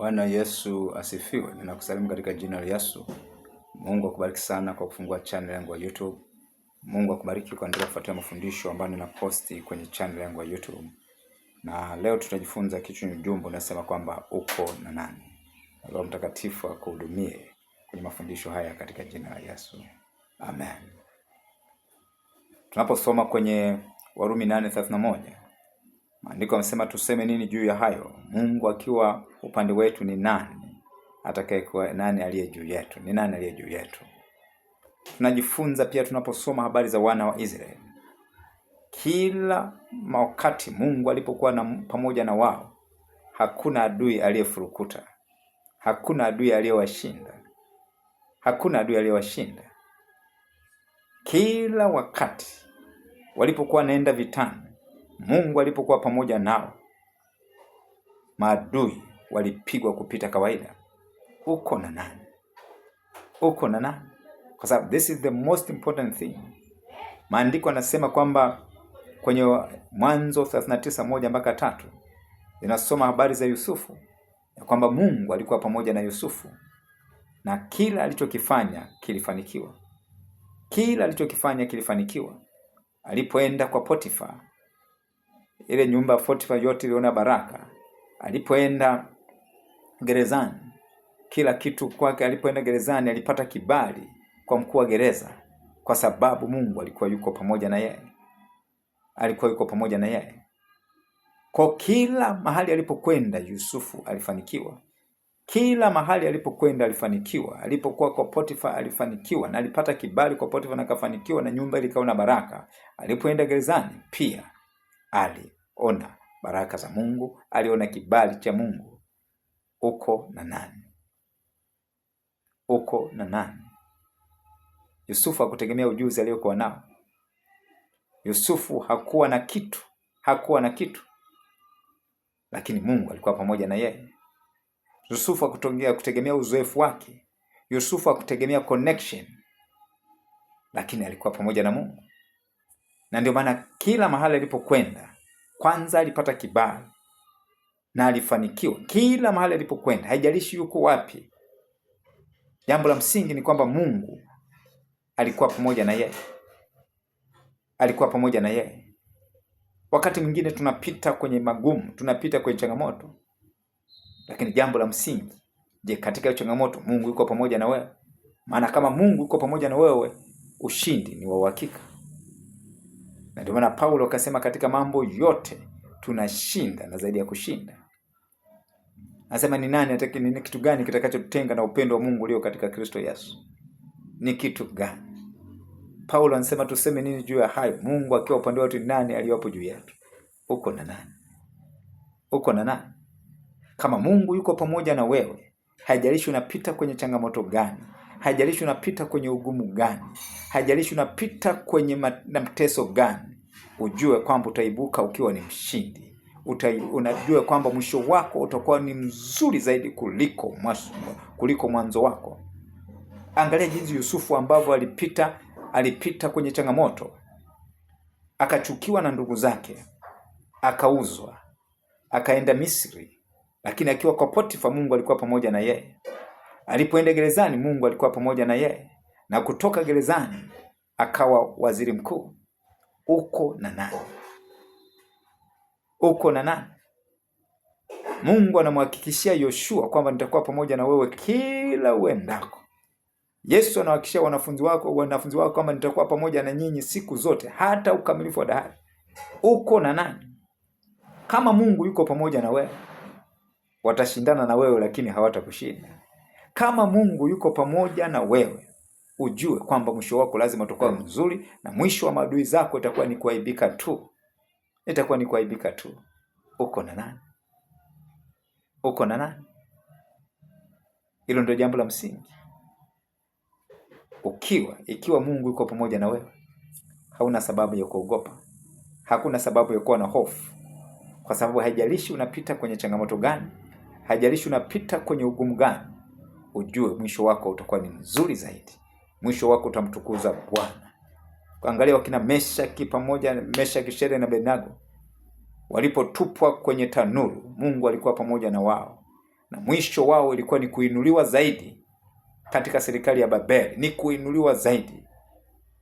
Bwana Yesu asifiwe. Ninakusalimu katika jina la Yesu. Mungu akubariki sana kwa kufungua channel yangu ya YouTube. Mungu akubariki kwa endelea kufuatia mafundisho ambayo ninaposti kwenye channel yangu ya YouTube. Na leo tutajifunza kichwa ni ujumbe unasema kwamba uko na nani. Roho Mtakatifu akuhudumie kwenye mafundisho haya katika jina la Yesu. Amen. Tunaposoma kwenye Warumi 8:31 Maandiko yamesema tuseme nini juu ya hayo? Mungu akiwa upande wetu ni nani atakayekuwa? Nani aliye juu yetu? Ni nani aliye juu yetu? Tunajifunza pia tunaposoma habari za wana wa Israeli, kila wakati Mungu alipokuwa na pamoja na wao, hakuna adui aliyefurukuta, hakuna adui aliyewashinda, hakuna adui aliyewashinda. Kila wakati walipokuwa wanaenda vitani Mungu alipokuwa pamoja nao, maadui walipigwa kupita kawaida. Uko na nani? Uko na nani? Kwa sababu this is the most important thing. Maandiko anasema kwamba kwenye Mwanzo moja mpaka tatu zinasoma habari za Yusufu ya kwamba Mungu alikuwa pamoja na Yusufu na kila alichokifanya kilifanikiwa, kila alichokifanya kilifanikiwa. Alipoenda kwa Potifa ile nyumba Potifa yote iliona baraka. Alipoenda gerezani, kila kitu kwake. Alipoenda gerezani, alipata kibali kwa mkuu wa gereza, kwa sababu Mungu alikuwa yuko pamoja na yeye, alikuwa yuko pamoja na yeye. Kwa kila mahali alipokwenda Yusufu alifanikiwa, kila mahali alipokwenda alifanikiwa. Alipokuwa kwa Potifa alifanikiwa, na alipata kibali kwa Potifa na akafanikiwa, na nyumba ile na baraka. Alipoenda gerezani pia ali aliona baraka za Mungu, aliona kibali cha Mungu. Uko na nani? Uko na nani? Yusufu hakutegemea ujuzi aliyokuwa nao. Yusufu hakuwa na kitu, hakuwa na kitu, lakini Mungu alikuwa pamoja na yeye. Yusufu hakutegemea uzoefu wake. Yusufu hakutegemea connection, lakini alikuwa pamoja na Mungu, na ndio maana kila mahali alipokwenda kwanza alipata kibali na alifanikiwa kila mahali alipokwenda, haijalishi yuko wapi. Jambo la msingi ni kwamba Mungu alikuwa pamoja na yeye, alikuwa pamoja na yeye. Wakati mwingine tunapita kwenye magumu, tunapita kwenye changamoto, lakini jambo la msingi, je, katika hiyo changamoto Mungu yuko pamoja na wewe? Maana kama Mungu yuko pamoja na wewe, ushindi ni wa uhakika. Na ndio maana Paulo akasema katika mambo yote tunashinda na zaidi ya kushinda. Anasema ni nani ataki, ni kitu gani kitakachotenga na upendo wa Mungu ulio katika Kristo Yesu? Ni kitu gani? Paulo anasema tuseme nini juu ya hayo? Mungu akiwa upande wetu, ni nani aliyopo juu yetu? Uko na nani? Uko na nani? Kama Mungu yuko pamoja na wewe, haijalishi unapita kwenye changamoto gani, haijalishi unapita kwenye ugumu gani, Haijalishi unapita kwenye na gani, ujue kwamba utaibuka ukiwa ni mshindi. Uta, unajue kwamba mwisho wako utakuwa ni mzuri zaidi kuliko mwanzo kuliko mwanzo wako. Angalia jinsi Yusufu ambavyo alipita alipita kwenye changamoto, akachukiwa na ndugu zake, akauzwa, akaenda Misri, lakini akiwa kwa Potifa Mungu alikuwa pamoja na yeye. Alipoenda gerezani Mungu alikuwa pamoja na yeye na kutoka gerezani akawa waziri mkuu. Uko na nani? Uko na nani? Mungu anamhakikishia Yoshua kwamba nitakuwa pamoja na wewe kila uendako. Yesu anawahakikishia wanafunzi wako wanafunzi wako kwamba nitakuwa pamoja na nyinyi siku zote hata ukamilifu wa dahari. Uko na nani? Kama Mungu yuko pamoja na wewe, watashindana na wewe lakini hawatakushinda. Kama Mungu yuko pamoja na wewe, ujue kwamba mwisho wako lazima utakuwa mm. mzuri, na mwisho wa maadui zako itakuwa ni kuaibika tu, itakuwa ni kuaibika tu. Uko na nani? Uko na nani? Hilo ndio jambo la msingi. Ukiwa ikiwa Mungu yuko pamoja na wewe, hauna sababu ya kuogopa, hakuna sababu ya kuwa na hofu, kwa sababu haijalishi unapita kwenye changamoto gani, haijalishi unapita kwenye ugumu gani, ujue mwisho wako utakuwa ni mzuri zaidi mwisho wako utamtukuza Bwana. Angalia wakina Meshaki pamoja Meshaki, Shadraka na benago walipotupwa kwenye tanuru, Mungu alikuwa pamoja na wao, na mwisho wao ilikuwa ni kuinuliwa zaidi katika serikali ya Babeli, ni kuinuliwa zaidi,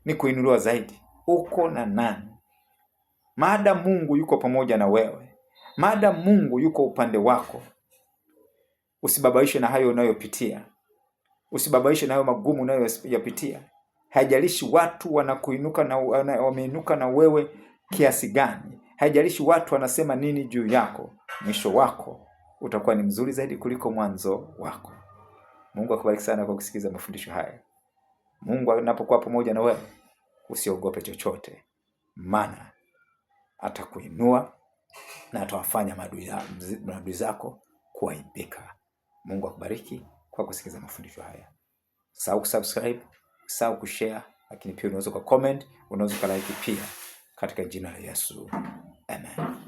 ni kuinuliwa zaidi. Uko na nani? Maada Mungu yuko pamoja na wewe, maada Mungu yuko upande wako, usibabaishwe na hayo unayopitia usibabaishe nayo magumu unayoyapitia. Haijalishi watu wanakuinuka na wameinuka na wewe kiasi gani, haijalishi watu wanasema nini juu yako, mwisho wako utakuwa ni mzuri zaidi kuliko mwanzo wako. Mungu akubariki sana kwa kusikiliza mafundisho haya. Mungu anapokuwa pamoja na wewe, usiogope chochote, maana atakuinua na atawafanya maadui zako kuaibika. Mungu akubariki kwa kusikiza mafundisho haya. Usisahau kusubscribe, usisahau kushare, lakini pia unaweza kwa comment, unaweza kwa like pia katika jina la Yesu. Amen.